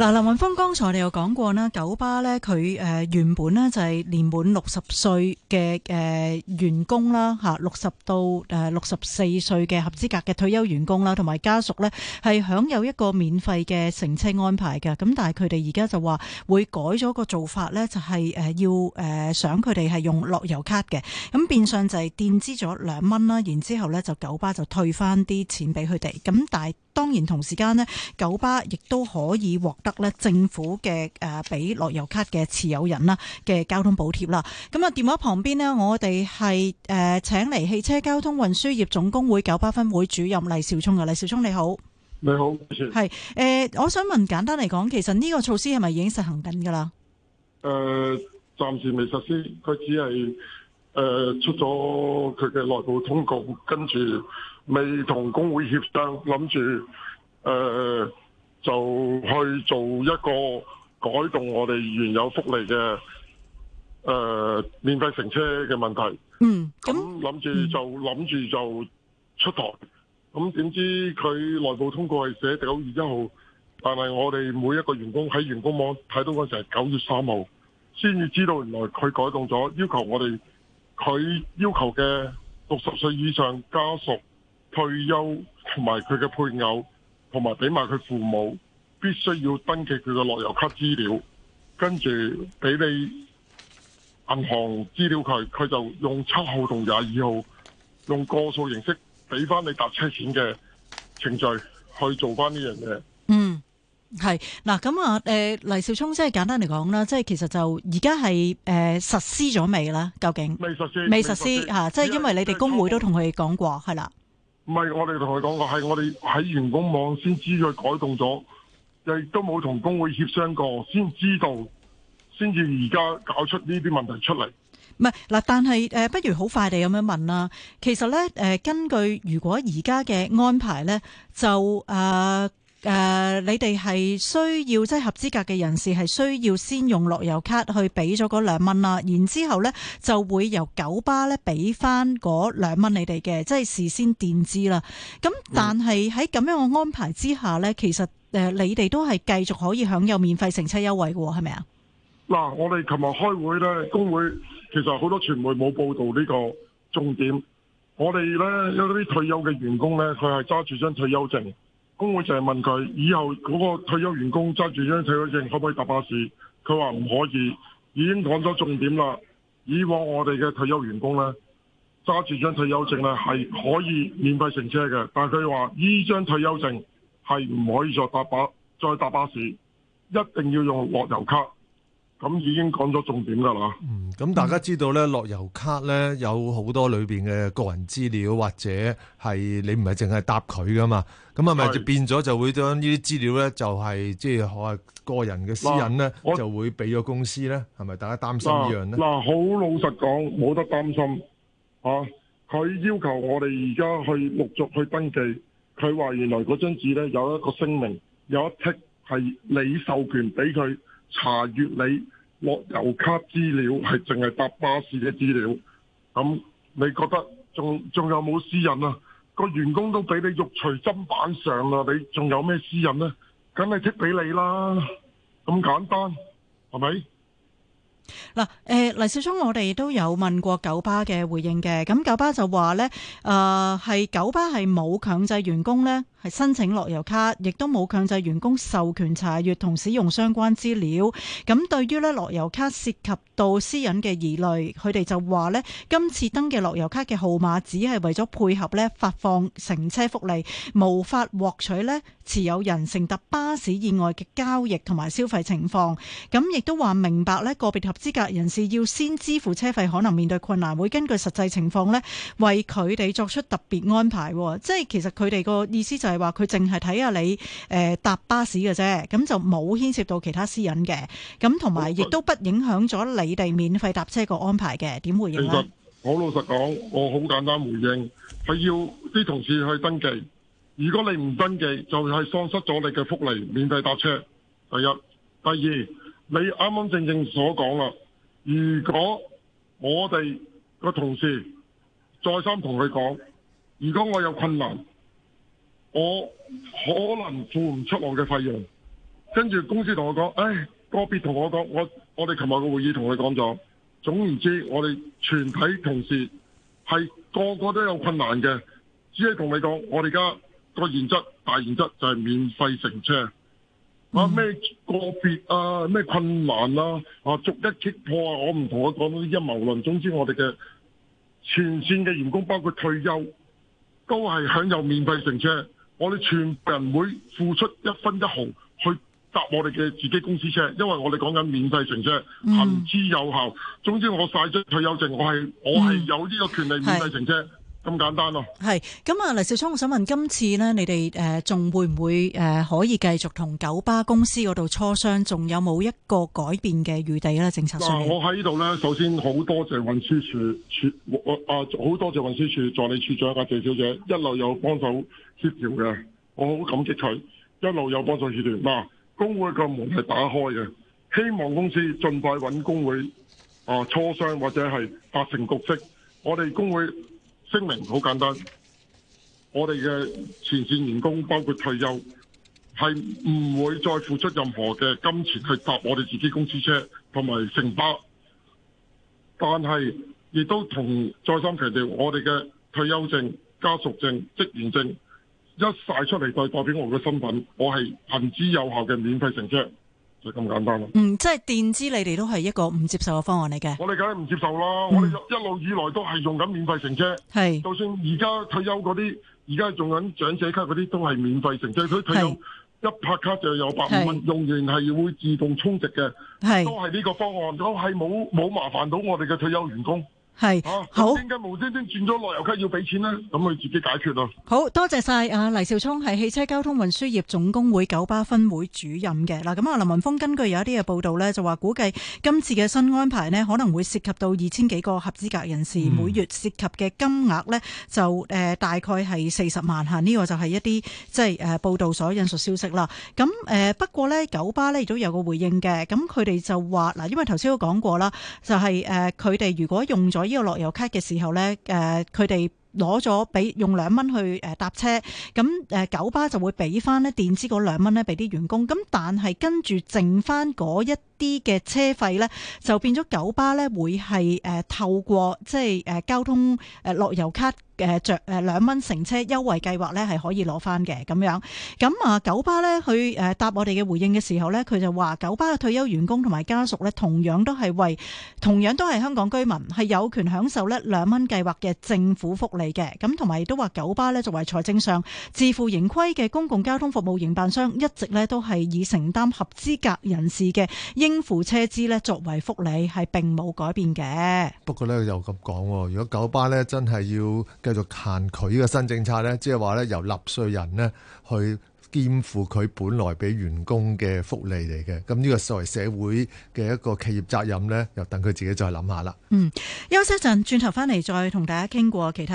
嗱，林雲峰，剛才我哋又講過九巴呢，佢誒原本呢就係年滿六十歲嘅誒員工啦，吓六十到誒六十四歲嘅合資格嘅退休員工啦，同埋家屬呢係享有一個免費嘅乘車安排嘅。咁但係佢哋而家就話會改咗個做法呢，就係誒要誒想佢哋係用樂悠咭嘅，咁變相就係墊資咗兩蚊啦，然之後呢就九巴就退翻啲錢俾佢哋。咁但係。當然，同時間呢，九巴亦都可以獲得咧政府嘅誒，俾樂悠咭嘅持有人啦嘅交通補貼啦。咁啊，電話旁邊呢，我哋係誒請嚟汽車交通運輸業總工會九巴分會主任黎兆聰啊，黎兆聰你好，你好，係誒、呃，我想問簡單嚟講，其實呢個措施係咪已經實行緊㗎喇？誒、呃，暫時未實施，佢只係。誒、呃，出咗佢嘅內部通告，跟住未同工會協商，諗住誒就去做一個改動我哋原有福利嘅誒、呃、免費乘車嘅問題。嗯，咁諗住就諗住就出台。咁點知佢內部通告係寫九月一號，但係我哋每一個員工喺員工網睇到嗰陣係九月三號，先至知道原來佢改動咗，要求我哋。佢要求嘅六十歲以上家屬退休同埋佢嘅配偶，同埋俾埋佢父母，必須要登記佢嘅樂悠咭資料，跟住俾你銀行資料佢，佢就用七號同廿二號用過數形式俾翻你搭車錢嘅程序去做翻呢樣嘢。嗯。係嗱，咁啊，誒黎兆聰，即係簡單嚟講啦，即係其實就而家係誒實施咗未啦？究竟未實施？未實施吓，即係因為你哋工會都同佢講過，係啦。唔係我哋同佢講過，係我哋喺員工網先知佢改動咗，亦都冇同工會協商過，先知道，先至而家搞出呢啲問題出嚟。唔係嗱，但係誒，不如好快地咁樣問啦。其實咧，誒，根據如果而家嘅安排咧，就誒。呃誒、呃，你哋係需要即係合資格嘅人士係需要先用樂悠咭去俾咗嗰兩蚊啦，然之後呢，就會由九巴呢俾翻嗰兩蚊你哋嘅，即係事先墊資啦。咁但係喺咁樣嘅安排之下呢，其實誒、呃、你哋都係繼續可以享有免費乘車優惠嘅，係咪啊？嗱、呃，我哋琴日開會呢，工會其實好多傳媒冇報道呢個重點。我哋呢，有啲退休嘅員工呢，佢係揸住張退休證。工會就係問佢，以後嗰個退休員工揸住張退休證可唔可以搭巴士？佢話唔可以，已經講咗重點啦。以往我哋嘅退休員工呢，揸住張退休證呢係可以免費乘車嘅，但係佢話呢張退休證係唔可以再搭巴，再搭巴士一定要用樂悠咭。咁已經講咗重點㗎啦。嗯，咁大家知道咧，樂悠咭咧有好多裏面嘅個人資料，或者係你唔係淨係答佢㗎嘛？咁係咪變咗就會將呢啲資料咧、就係，就係即係個人嘅私隱咧，就會俾咗公司咧？係咪大家擔心呢樣咧？嗱，好、啊啊、老實講，冇得擔心。啊，佢要求我哋而家去陸續去登記。佢話原來嗰張紙咧有一個聲明，有一剔係你授權俾佢。查閲你樂悠咭資料，係淨係搭巴士嘅資料，咁、嗯、你覺得仲仲有冇私隱啊？個員工都俾你肉隨砧板上啦，你仲有咩私隱呢？梗係剔俾你啦，咁簡單，係咪？嗱，誒黎兆聰，我哋都有問過九巴嘅回應嘅，咁九巴就話咧，誒、呃，係九巴係冇強制員工咧係申請樂悠咭，亦都冇強制員工授權查閲同使用相關資料。咁對於咧樂悠咭涉及到私隱嘅疑慮，佢哋就話咧今次登記樂悠咭嘅號碼只係為咗配合咧發放乘車福利，無法獲取咧持有人乘搭巴士以外嘅交易同埋消費情況，咁亦都話明白咧個別。合。資格人士要先支付車費，可能面對困難，會根據實際情況咧為佢哋作出特別安排。即係其實佢哋個意思就係話，佢淨係睇下你誒、呃、搭巴士嘅啫，咁就冇牽涉到其他私隱嘅。咁同埋亦都不影響咗你哋免費搭車個安排嘅。點回應咧？其實好老實講，我好簡單回應，係要啲同事去登記。如果你唔登記，就係、是、喪失咗你嘅福利，免費搭車。第一，第二。你啱啱正正所講啦，如果我哋個同事再三同佢講，如果我有困難，我可能付唔出我嘅費用，跟住公司同我講，唉、哎，個別同我講，我我哋琴日個會議同佢講咗，總言之，我哋全體同事係個個都有困難嘅，只係同你講，我哋而家個原則，大原則就係免費乘車。嗯、啊咩個別啊咩困難啊，啊逐一擊破啊，我唔同佢講啲陰謀論。總之我哋嘅全綫嘅員工包括退休，都係享有免費乘車。我哋全部人會付出一分一毫去搭我哋嘅自己公司車，因為我哋講緊免費乘車，行之有效。總之我晒出退休證，我係我係有呢個權利免費乘車。嗯。咁簡單咯，係咁啊，黎兆聰，我想問今次咧，你哋誒仲會唔會誒可以繼續同九巴公司嗰度磋商，仲有冇一個改變嘅餘地咧？政策上、啊，我喺呢度咧，首先好多謝運輸處處，啊好多謝運輸處助理處長阿謝小姐一路有幫手協調嘅，我好感激佢，一路有幫手協調。嗱、啊，工會個門係打開嘅，希望公司盡快搵工會啊磋商或者係達成共識。我哋工會。聲明好簡單，我哋嘅前線員工包括退休，係唔會再付出任何嘅金錢去搭我哋自己公司車同埋承包，但係亦都同再三強調，我哋嘅退休證、家屬證、職員證一晒出嚟對代表我嘅身份，我係行之有效嘅免費乘車。就咁簡單咯。嗯，即係電資，你哋都係一個唔接受嘅方案嚟嘅。我哋梗係唔接受啦、嗯。我哋一路以來都係用緊免費乘車。係。就算而家退休嗰啲，而家仲用緊長者卡嗰啲都係免費乘車。佢退休一拍卡就有百五蚊，用完係會自動充值嘅。係。都係呢個方案，都係冇冇麻煩到我哋嘅退休員工。係、啊，好，點解無端端轉咗樂悠咭要俾錢呢？咁佢自己解決咯。好多謝晒啊黎兆聰，係汽車交通運輸業總工會九巴分會主任嘅。嗱，咁啊林文峰，根據有一啲嘅報道呢，就話估計今次嘅新安排呢，可能會涉及到二千幾個合資格人士，嗯，每月涉及嘅金額呢，就誒、呃、大概係四十萬吓。呢、啊這個就係一啲即係誒報道所引述消息啦。咁誒、呃、不過呢，九巴呢亦都有個回應嘅，咁佢哋就話嗱，因為頭先都講過啦，就係誒佢哋如果用咗。攞、這、呢個樂悠咭嘅時候咧，誒佢哋攞咗俾用兩蚊去誒搭車，咁誒九巴就會俾翻咧電子嗰兩蚊咧俾啲員工，咁但係跟住剩翻嗰一啲嘅車費咧，就變咗九巴咧會係誒透過即係誒交通誒樂悠咭嘅著誒兩蚊乘車優惠計劃咧係可以攞翻嘅咁樣，咁啊九巴咧佢誒答我哋嘅回應嘅時候咧，佢就話九巴嘅退休員工同埋家屬咧同樣都係為同樣都係香港居民係有權享受咧兩蚊計劃嘅政府福利嘅，咁同埋都話九巴咧作為財政上自負盈虧嘅公共交通服務營辦商，一直咧都係以承擔合資格人士嘅應付車資咧作為福利係並冇改變嘅。不過呢，又咁講，哦，如果九巴咧真係要繼續限佢呢個新政策咧，即係話咧由納稅人咧去肩負佢本來俾員工嘅福利嚟嘅，咁呢個作為社會嘅一個企業責任咧，又等佢自己再諗下啦。嗯，休息一陣，轉頭翻嚟再同大家傾過其他。